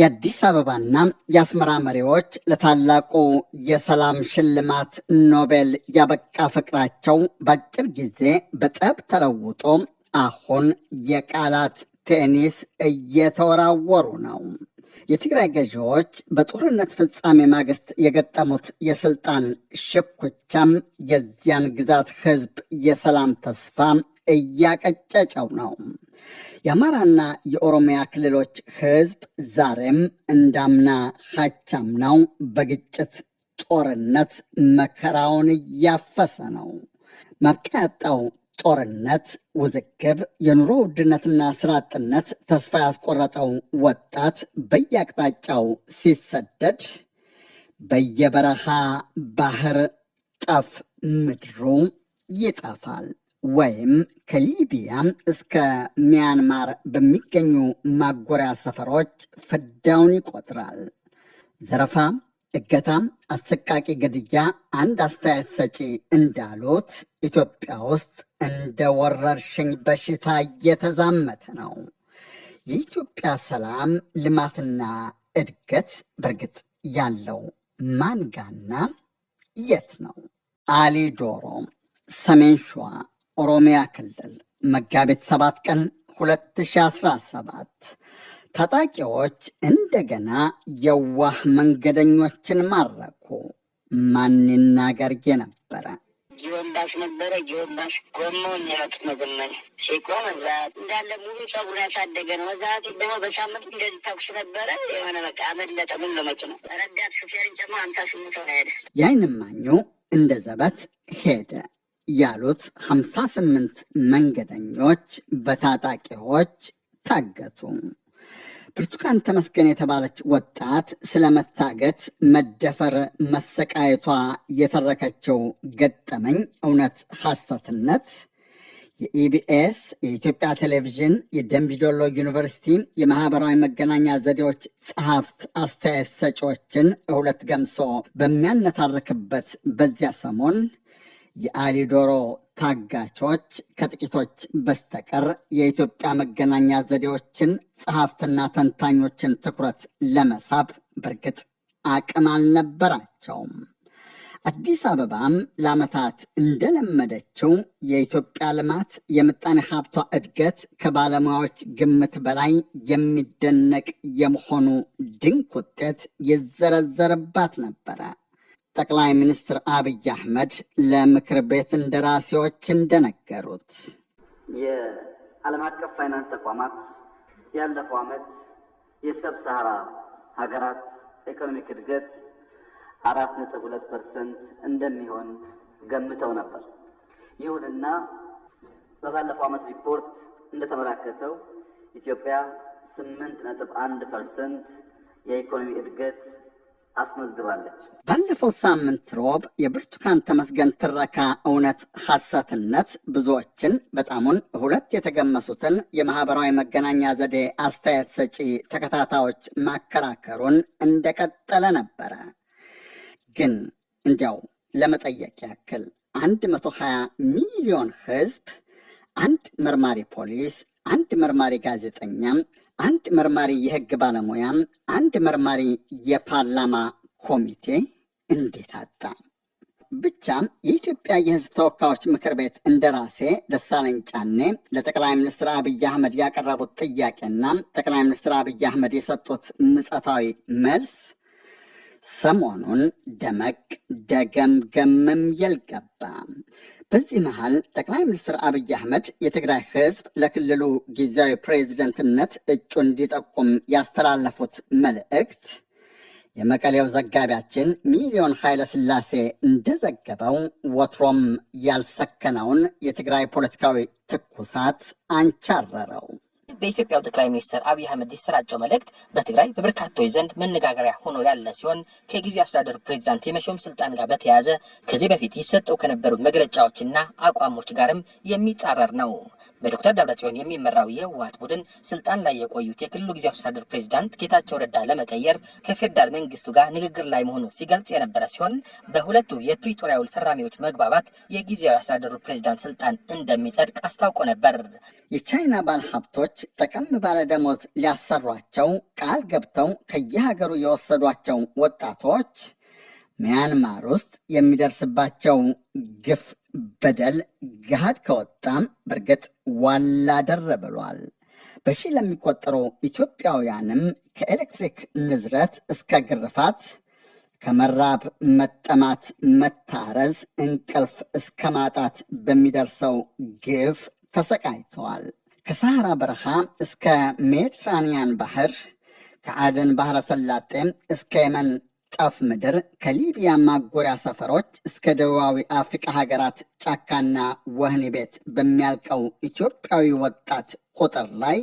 የአዲስ አበባና የአስመራ መሪዎች ለታላቁ የሰላም ሽልማት ኖቤል ያበቃ ፍቅራቸው በአጭር ጊዜ በጠብ ተለውጦ አሁን የቃላት ቴኒስ እየተወራወሩ ነው። የትግራይ ገዢዎች በጦርነት ፍጻሜ ማግስት የገጠሙት የስልጣን ሽኩቻም የዚያን ግዛት ህዝብ የሰላም ተስፋ እያቀጨጨው ነው። የአማራና የኦሮሚያ ክልሎች ሕዝብ ዛሬም እንዳምና ሀቻም ነው በግጭት ጦርነት መከራውን እያፈሰ ነው። ማብቂያ ያጣው ጦርነት፣ ውዝግብ፣ የኑሮ ውድነትና ስራ አጥነት ተስፋ ያስቆረጠው ወጣት በየአቅጣጫው ሲሰደድ በየበረሃ ባህር ጠፍ ምድሩ ይጠፋል። ወይም ከሊቢያ እስከ ሚያንማር በሚገኙ ማጎሪያ ሰፈሮች ፍዳውን ይቆጥራል። ዘረፋ፣ እገታ፣ አሰቃቂ ግድያ አንድ አስተያየት ሰጪ እንዳሉት ኢትዮጵያ ውስጥ እንደ ወረርሽኝ በሽታ እየተዛመተ ነው። የኢትዮጵያ ሰላም ልማትና እድገት በእርግጥ ያለው ማንጋና የት ነው? አሊ ዶሮ ሰሜን ሸዋ ኦሮሚያ ክልል መጋቢት 7 ቀን 2017 ታጣቂዎች እንደገና የዋህ መንገደኞችን ማረኩ። ማን ይናገር የነበረ ጊዮንዳሽ ነበረ። ጊዮንዳሽ ጎማውን ያሉት መጀመሪያ ሲቆም እዛ እንዳለ ሙሉ ጸጉር ያሳደገ ነው። እዛ ደግሞ በሳምንት እንደዚህ ተኩስ ነበረ። የሆነ በቃ አመለጠ ሙሉ ነው ረዳት ሹፌርን ጨምሮ አምሳ ስምንት ሆነ ሄደ። የአይን እማኙ እንደ ዘበት ሄደ ያሉት 58 መንገደኞች በታጣቂዎች ታገቱ። ብርቱካን ተመስገን የተባለች ወጣት ስለ መታገት፣ መደፈር፣ መሰቃየቷ የተረከችው ገጠመኝ እውነት ሐሰትነት የኢቢኤስ የኢትዮጵያ ቴሌቪዥን የደምቢዶሎ ዩኒቨርሲቲ የማህበራዊ መገናኛ ዘዴዎች ጸሐፍት አስተያየት ሰጪዎችን እሁለት ገምሶ በሚያነታርክበት በዚያ ሰሞን የአሊዶሮ ታጋቾች ከጥቂቶች በስተቀር የኢትዮጵያ መገናኛ ዘዴዎችን ጸሐፍትና ተንታኞችን ትኩረት ለመሳብ በእርግጥ አቅም አልነበራቸውም። አዲስ አበባም ለዓመታት እንደለመደችው የኢትዮጵያ ልማት፣ የምጣኔ ሀብቷ እድገት ከባለሙያዎች ግምት በላይ የሚደነቅ የመሆኑ ድንቅ ውጤት ይዘረዘርባት ነበረ። ጠቅላይ ሚኒስትር አብይ አህመድ ለምክር ቤት እንደራሴዎች እንደነገሩት የዓለም አቀፍ ፋይናንስ ተቋማት ያለፈው ዓመት የሰብ ሰሃራ ሀገራት ኢኮኖሚክ እድገት አራት ነጥብ ሁለት ፐርሰንት እንደሚሆን ገምተው ነበር። ይሁንና በባለፈው ዓመት ሪፖርት እንደተመላከተው ኢትዮጵያ ስምንት ነጥብ አንድ ፐርሰንት የኢኮኖሚ እድገት አስመዝግባለች። ባለፈው ሳምንት ሮብ የብርቱካን ተመስገን ትረካ እውነት ሐሰትነት ብዙዎችን በጣሙን ሁለት የተገመሱትን የማህበራዊ መገናኛ ዘዴ አስተያየት ሰጪ ተከታታዮች ማከራከሩን እንደቀጠለ ነበረ። ግን እንዲያው ለመጠየቅ ያክል 120 ሚሊዮን ህዝብ አንድ መርማሪ ፖሊስ፣ አንድ መርማሪ ጋዜጠኛም አንድ መርማሪ የህግ ባለሙያም አንድ መርማሪ የፓርላማ ኮሚቴ እንዴት አጣ? ብቻ የኢትዮጵያ የህዝብ ተወካዮች ምክር ቤት እንደራሴ ደሳለኝ ጫኔ ለጠቅላይ ሚኒስትር አብይ አህመድ ያቀረቡት ጥያቄና ጠቅላይ ሚኒስትር አብይ አህመድ የሰጡት ምጸታዊ መልስ ሰሞኑን ደመቅ ደገምገምም የልገባ። በዚህ መሃል ጠቅላይ ሚኒስትር አብይ አህመድ የትግራይ ህዝብ ለክልሉ ጊዜያዊ ፕሬዝደንትነት እጩ እንዲጠቁም ያስተላለፉት መልእክት የመቀሌው ዘጋቢያችን ሚሊዮን ኃይለ ስላሴ እንደዘገበው ወትሮም ያልሰከነውን የትግራይ ፖለቲካዊ ትኩሳት አንቻረረው። በኢትዮጵያው ጠቅላይ ሚኒስትር አብይ አህመድ የተሰራጨው መልእክት በትግራይ በበርካታዎች ዘንድ መነጋገሪያ ሆኖ ያለ ሲሆን ከጊዜ አስተዳደሩ ፕሬዚዳንት የመሾም ስልጣን ጋር በተያያዘ ከዚህ በፊት ይሰጠው ከነበሩ መግለጫዎችና አቋሞች ጋርም የሚጻረር ነው። በዶክተር ደብረጽዮን የሚመራው የህወሀት ቡድን ስልጣን ላይ የቆዩት የክልሉ ጊዜ አስተዳደር ፕሬዚዳንት ጌታቸው ረዳ ለመቀየር ከፌዴራል መንግስቱ ጋር ንግግር ላይ መሆኑ ሲገልጽ የነበረ ሲሆን በሁለቱ የፕሪቶሪያ ውል ፈራሚዎች መግባባት የጊዜያዊ አስተዳደሩ ፕሬዚዳንት ስልጣን እንደሚጸድቅ አስታውቆ ነበር። የቻይና ባለሀብቶች ጠቀም ባለ ደሞዝ ሊያሰሯቸው ቃል ገብተው ከየሀገሩ የወሰዷቸው ወጣቶች ሚያንማር ውስጥ የሚደርስባቸው ግፍ፣ በደል ገሃድ ከወጣም በእርግጥ ዋላ ደር ብሏል። በሺ ለሚቆጠሩ ኢትዮጵያውያንም ከኤሌክትሪክ ንዝረት እስከ ግርፋት ከመራብ መጠማት፣ መታረዝ፣ እንቅልፍ እስከ ማጣት በሚደርሰው ግፍ ተሰቃይተዋል። ከሳሐራ በረሃ እስከ ሜዲትራንያን ባህር ከአደን ባህረ ሰላጤ እስከ የመን ጠፍ ምድር ከሊቢያ ማጎሪያ ሰፈሮች እስከ ደቡባዊ አፍሪቃ ሀገራት ጫካና ወህኒ ቤት በሚያልቀው ኢትዮጵያዊ ወጣት ቁጥር ላይ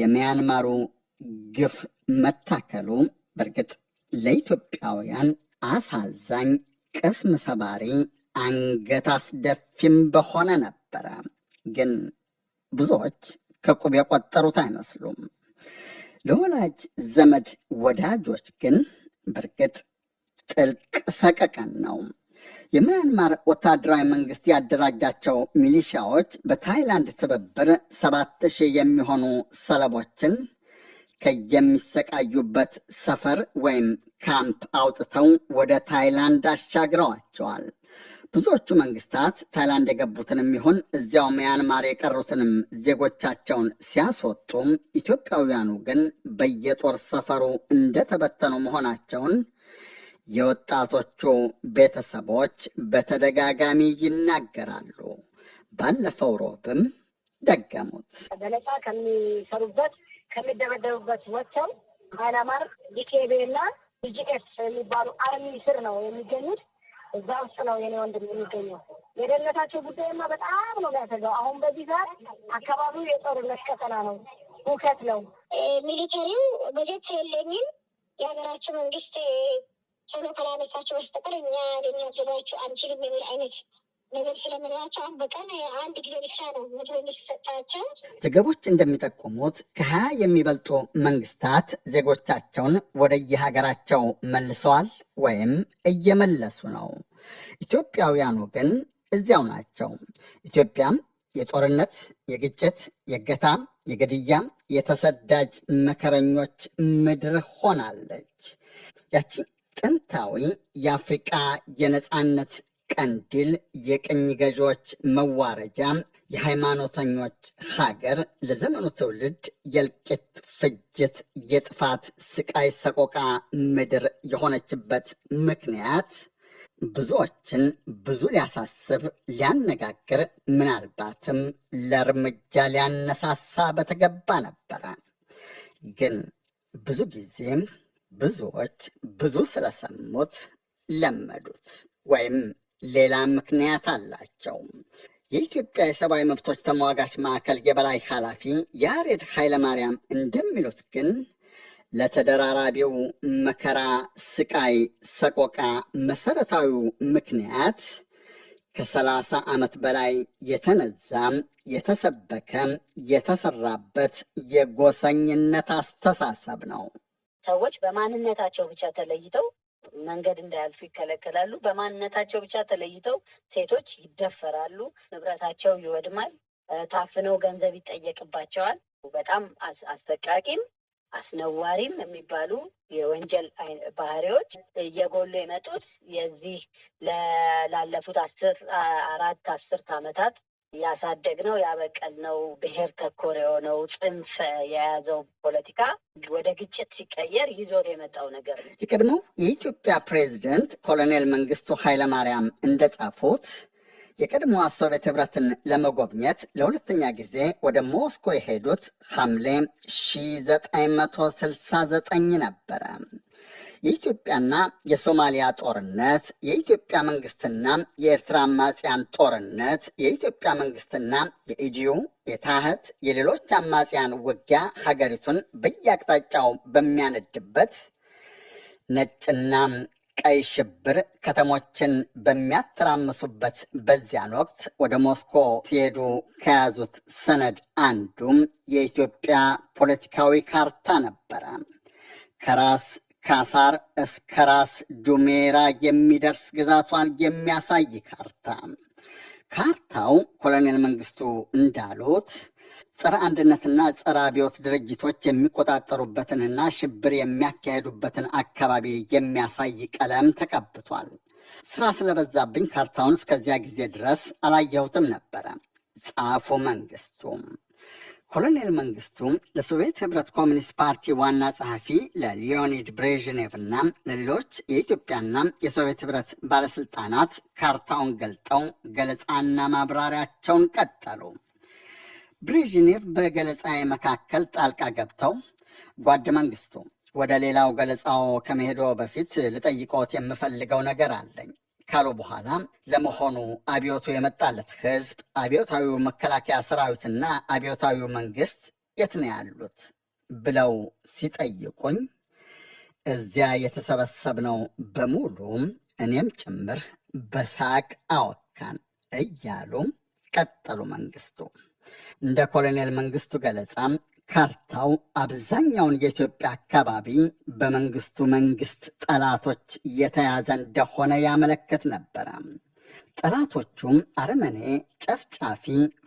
የሚያንማሩ ግፍ መታከሉ በእርግጥ ለኢትዮጵያውያን አሳዛኝ፣ ቅስም ሰባሪ፣ አንገት አስደፊም በሆነ ነበረ ግን ብዙዎች ከቁብ የቆጠሩት አይመስሉም። ለወላጅ ዘመድ ወዳጆች ግን በእርግጥ ጥልቅ ሰቀቀን ነው። የሚያንማር ወታደራዊ መንግስት ያደራጃቸው ሚሊሻዎች በታይላንድ ትብብር ሰባት ሺህ የሚሆኑ ሰለቦችን ከየሚሰቃዩበት ሰፈር ወይም ካምፕ አውጥተው ወደ ታይላንድ አሻግረዋቸዋል። ብዙዎቹ መንግስታት ታይላንድ የገቡትንም ይሁን እዚያው ሚያንማር የቀሩትንም ዜጎቻቸውን ሲያስወጡ፣ ኢትዮጵያውያኑ ግን በየጦር ሰፈሩ እንደተበተኑ መሆናቸውን የወጣቶቹ ቤተሰቦች በተደጋጋሚ ይናገራሉ። ባለፈው ሮብም ደገሙት። በነፃ ከሚሰሩበት ከሚደበደቡበት ወጥተው ማይናማር ዲኬቤ እና ዲጂኤፍ የሚባሉ አርሚ ስር ነው የሚገኙት። እዛ ውስጥ ነው የኔ ወንድም የሚገኘው። የደህንነታቸው ጉዳይማ በጣም ነው የሚያሰጋው። አሁን በዚህ ሰዓት አካባቢው የጦርነት ቀጠና ነው፣ ሁከት ነው። ሚሊተሪው በጀት የለኝም የሀገራቸው መንግስት ቶሎ ካላነሳቸው በስተቀር እኛ ልናገባችሁ አንችልም የሚል አይነት ነገር ስለምንላቸው አሁን በቀን አንድ ጊዜ ብቻ ነው ምግብ የሚሰጣቸው። ዘገቦች እንደሚጠቁሙት ከሀያ የሚበልጡ መንግስታት ዜጎቻቸውን ወደየሀገራቸው መልሰዋል ወይም እየመለሱ ነው። ኢትዮጵያውያኑ ግን እዚያው ናቸው። ኢትዮጵያም የጦርነት፣ የግጭት፣ የገታ፣ የግድያ፣ የተሰዳጅ መከረኞች ምድር ሆናለች። ያቺ ጥንታዊ የአፍሪቃ የነፃነት ቀንዲል፣ የቅኝ ገዢዎች መዋረጃ፣ የሃይማኖተኞች ሀገር፣ ለዘመኑ ትውልድ የእልቂት ፍጅት፣ የጥፋት ስቃይ፣ ሰቆቃ ምድር የሆነችበት ምክንያት ብዙዎችን ብዙ ሊያሳስብ ሊያነጋግር፣ ምናልባትም ለእርምጃ ሊያነሳሳ በተገባ ነበረ። ግን ብዙ ጊዜም ብዙዎች ብዙ ስለሰሙት ለመዱት ወይም ሌላ ምክንያት አላቸው። የኢትዮጵያ የሰብአዊ መብቶች ተሟጋች ማዕከል የበላይ ኃላፊ ያሬድ ኃይለማርያም እንደሚሉት ግን ለተደራራቢው መከራ፣ ስቃይ፣ ሰቆቃ መሰረታዊው ምክንያት ከሰላሳ ዓመት በላይ የተነዛም የተሰበከም የተሰራበት የጎሰኝነት አስተሳሰብ ነው። ሰዎች በማንነታቸው ብቻ ተለይተው መንገድ እንዳያልፉ ይከለከላሉ። በማንነታቸው ብቻ ተለይተው ሴቶች ይደፈራሉ፣ ንብረታቸው ይወድማል፣ ታፍነው ገንዘብ ይጠየቅባቸዋል። በጣም አስጠቃቂም አስነዋሪም የሚባሉ የወንጀል ባህሪዎች እየጎሉ የመጡት የዚህ ላለፉት አስር አራት አስርት ዓመታት ያሳደግነው ያበቀልነው ብሔር ተኮር የሆነው ጽንፍ የያዘው ፖለቲካ ወደ ግጭት ሲቀየር ይዞት የመጣው ነገር ነው። የቀድሞው የኢትዮጵያ ፕሬዝደንት ኮሎኔል መንግስቱ ኃይለማርያም እንደጻፉት የቀድሞዋ ሶቪየት ህብረትን ለመጎብኘት ለሁለተኛ ጊዜ ወደ ሞስኮ የሄዱት ሐምሌ 1969 ነበረ። የኢትዮጵያና የሶማሊያ ጦርነት፣ የኢትዮጵያ መንግስትና የኤርትራ አማጽያን ጦርነት፣ የኢትዮጵያ መንግስትና የኢጂዩ የታህት የሌሎች አማጽያን ውጊያ ሀገሪቱን በየአቅጣጫው በሚያነድበት ነጭና ቀይ ሽብር ከተሞችን በሚያተራምሱበት በዚያን ወቅት ወደ ሞስኮ ሲሄዱ ከያዙት ሰነድ አንዱም የኢትዮጵያ ፖለቲካዊ ካርታ ነበረ። ከራስ ከአሳር እስከ ራስ ዱሜራ የሚደርስ ግዛቷን የሚያሳይ ካርታ። ካርታው ኮሎኔል መንግስቱ እንዳሉት ጸረ አንድነትና ጸረ አብዮት ድርጅቶች የሚቆጣጠሩበትንና ሽብር የሚያካሄዱበትን አካባቢ የሚያሳይ ቀለም ተቀብቷል። ስራ ስለበዛብኝ ካርታውን እስከዚያ ጊዜ ድረስ አላየሁትም ነበረ ጻፉ መንግስቱ። ኮሎኔል መንግስቱ ለሶቪየት ህብረት ኮሚኒስት ፓርቲ ዋና ጸሐፊ ለሊዮኒድ ብሬዥኔቭና ለሌሎች የኢትዮጵያና የሶቪየት ህብረት ባለስልጣናት ካርታውን ገልጠው ገለጻና ማብራሪያቸውን ቀጠሉ። ብሬዥኔቭ በገለጻ መካከል ጣልቃ ገብተው ጓድ መንግስቱ፣ ወደ ሌላው ገለጻው ከመሄዶ በፊት ልጠይቆት የምፈልገው ነገር አለኝ ካሉ በኋላ ለመሆኑ አብዮቱ የመጣለት ህዝብ፣ አብዮታዊው መከላከያ ሰራዊትና አብዮታዊው መንግስት የት ነው ያሉት ብለው ሲጠይቁኝ እዚያ የተሰበሰብነው በሙሉ እኔም ጭምር በሳቅ አወካን እያሉ ቀጠሉ። መንግስቱ እንደ ኮሎኔል መንግስቱ ገለጻ ካርታው አብዛኛውን የኢትዮጵያ አካባቢ በመንግስቱ መንግስት ጠላቶች የተያዘ እንደሆነ ያመለክት ነበረ። ጠላቶቹም አረመኔ፣ ጨፍጫፊ፣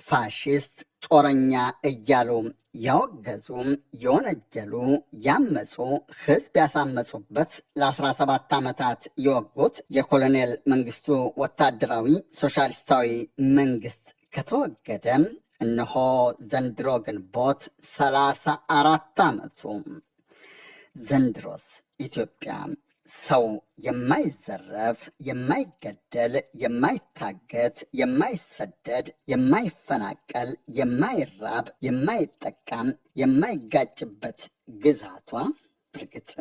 ፋሽስት፣ ጦረኛ እያሉ ያወገዙ፣ የወነጀሉ፣ ያመፁ፣ ህዝብ ያሳመፁበት ለ17 ዓመታት የወጉት የኮሎኔል መንግስቱ ወታደራዊ ሶሻሊስታዊ መንግስት ከተወገደ እነሆ ዘንድሮ ግንቦት ሰላሳ አራት ዓመቱ። ዘንድሮስ ኢትዮጵያ ሰው የማይዘረፍ፣ የማይገደል፣ የማይታገት፣ የማይሰደድ፣ የማይፈናቀል፣ የማይራብ፣ የማይጠቃም፣ የማይጋጭበት ግዛቷ እርግጥ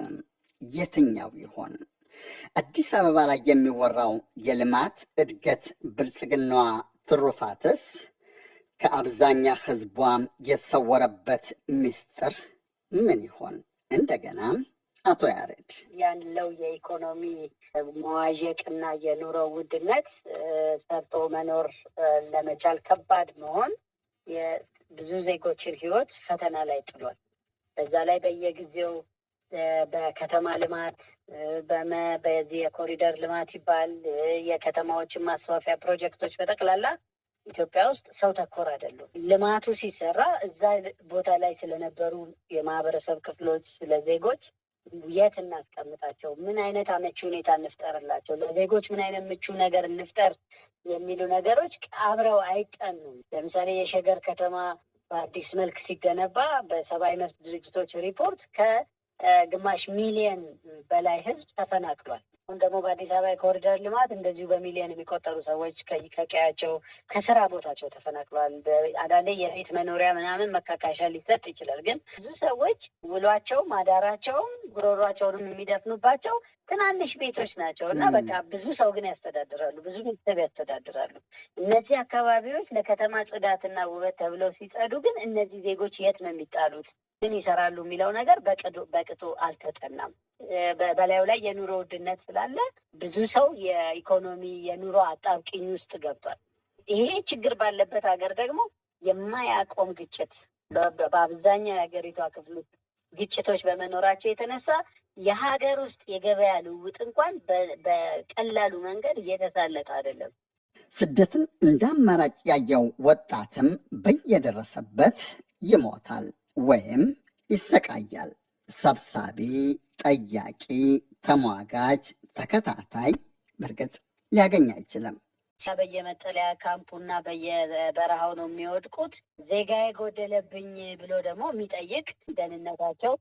የትኛው ይሆን? አዲስ አበባ ላይ የሚወራው የልማት እድገት ብልጽግናዋ ትሩፋትስ ከአብዛኛ ህዝቧ የተሰወረበት ምስጢር ምን ይሆን? እንደገና አቶ ያሬድ ያለው የኢኮኖሚ መዋዠቅና የኑሮ ውድነት ሰርቶ መኖር ለመቻል ከባድ መሆን የብዙ ዜጎችን ህይወት ፈተና ላይ ጥሏል። በዛ ላይ በየጊዜው በከተማ ልማት በዚህ የኮሪደር ልማት ይባል የከተማዎችን ማስፋፊያ ፕሮጀክቶች በጠቅላላ ኢትዮጵያ ውስጥ ሰው ተኮር አይደሉም። ልማቱ ሲሰራ እዛ ቦታ ላይ ስለነበሩ የማህበረሰብ ክፍሎች፣ ስለ ዜጎች የት እናስቀምጣቸው፣ ምን አይነት አመቺ ሁኔታ እንፍጠርላቸው፣ ለዜጎች ምን አይነት ምቹ ነገር እንፍጠር የሚሉ ነገሮች አብረው አይጠኑም። ለምሳሌ የሸገር ከተማ በአዲስ መልክ ሲገነባ በሰብአዊ መብት ድርጅቶች ሪፖርት ከግማሽ ሚሊየን በላይ ህዝብ ተፈናቅሏል። አሁን ደግሞ በአዲስ አበባ የኮሪደር ልማት እንደዚሁ በሚሊዮን የሚቆጠሩ ሰዎች ከቀያቸው ከስራ ቦታቸው ተፈናቅለዋል። አንዳንዴ የቤት መኖሪያ ምናምን መካካሻ ሊሰጥ ይችላል። ግን ብዙ ሰዎች ውሏቸውም ማዳራቸውም ጉሮሯቸውንም የሚደፍኑባቸው ትናንሽ ቤቶች ናቸው እና በቃ ብዙ ሰው ግን ያስተዳድራሉ፣ ብዙ ቤተሰብ ያስተዳድራሉ። እነዚህ አካባቢዎች ለከተማ ጽዳትና ውበት ተብለው ሲጸዱ ግን እነዚህ ዜጎች የት ነው የሚጣሉት? ምን ይሰራሉ የሚለው ነገር በቅጡ አልተጠናም። በላዩ ላይ የኑሮ ውድነት ስላለ ብዙ ሰው የኢኮኖሚ የኑሮ አጣብቂኝ ውስጥ ገብቷል። ይሄ ችግር ባለበት ሀገር ደግሞ የማያቆም ግጭት በአብዛኛው የሀገሪቷ ክፍል ግጭቶች በመኖራቸው የተነሳ የሀገር ውስጥ የገበያ ልውውጥ እንኳን በቀላሉ መንገድ እየተሳለጠ አይደለም። ስደትን እንደ አማራጭ ያየው ወጣትም በየደረሰበት ይሞታል። ወይም ይሰቃያል። ሰብሳቢ፣ ጠያቂ፣ ተሟጋች፣ ተከታታይ በእርግጥ ሊያገኝ አይችልም። በየመጠለያ ካምፑና በየበረሃው ነው የሚወድቁት። ዜጋ የጎደለብኝ ብሎ ደግሞ የሚጠይቅ ደህንነታቸው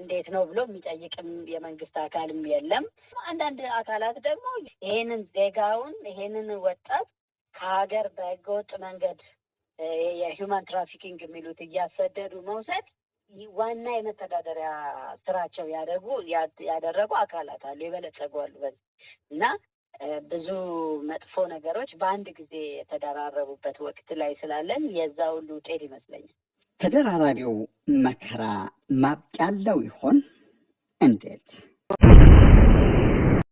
እንዴት ነው ብሎ የሚጠይቅም የመንግስት አካልም የለም። አንዳንድ አካላት ደግሞ ይሄንን ዜጋውን ይሄንን ወጣት ከሀገር በህገወጥ መንገድ የሂውማን ትራፊኪንግ የሚሉት እያሰደዱ መውሰድ ዋና የመተዳደሪያ ስራቸው ያደረጉ ያደረጉ አካላት አሉ፣ የበለጸጉ አሉ። እና ብዙ መጥፎ ነገሮች በአንድ ጊዜ የተደራረቡበት ወቅት ላይ ስላለን የዛ ሁሉ ውጤት ይመስለኛል። ተደራራቢው መከራ ማብቂያ አለው ይሆን? እንዴት?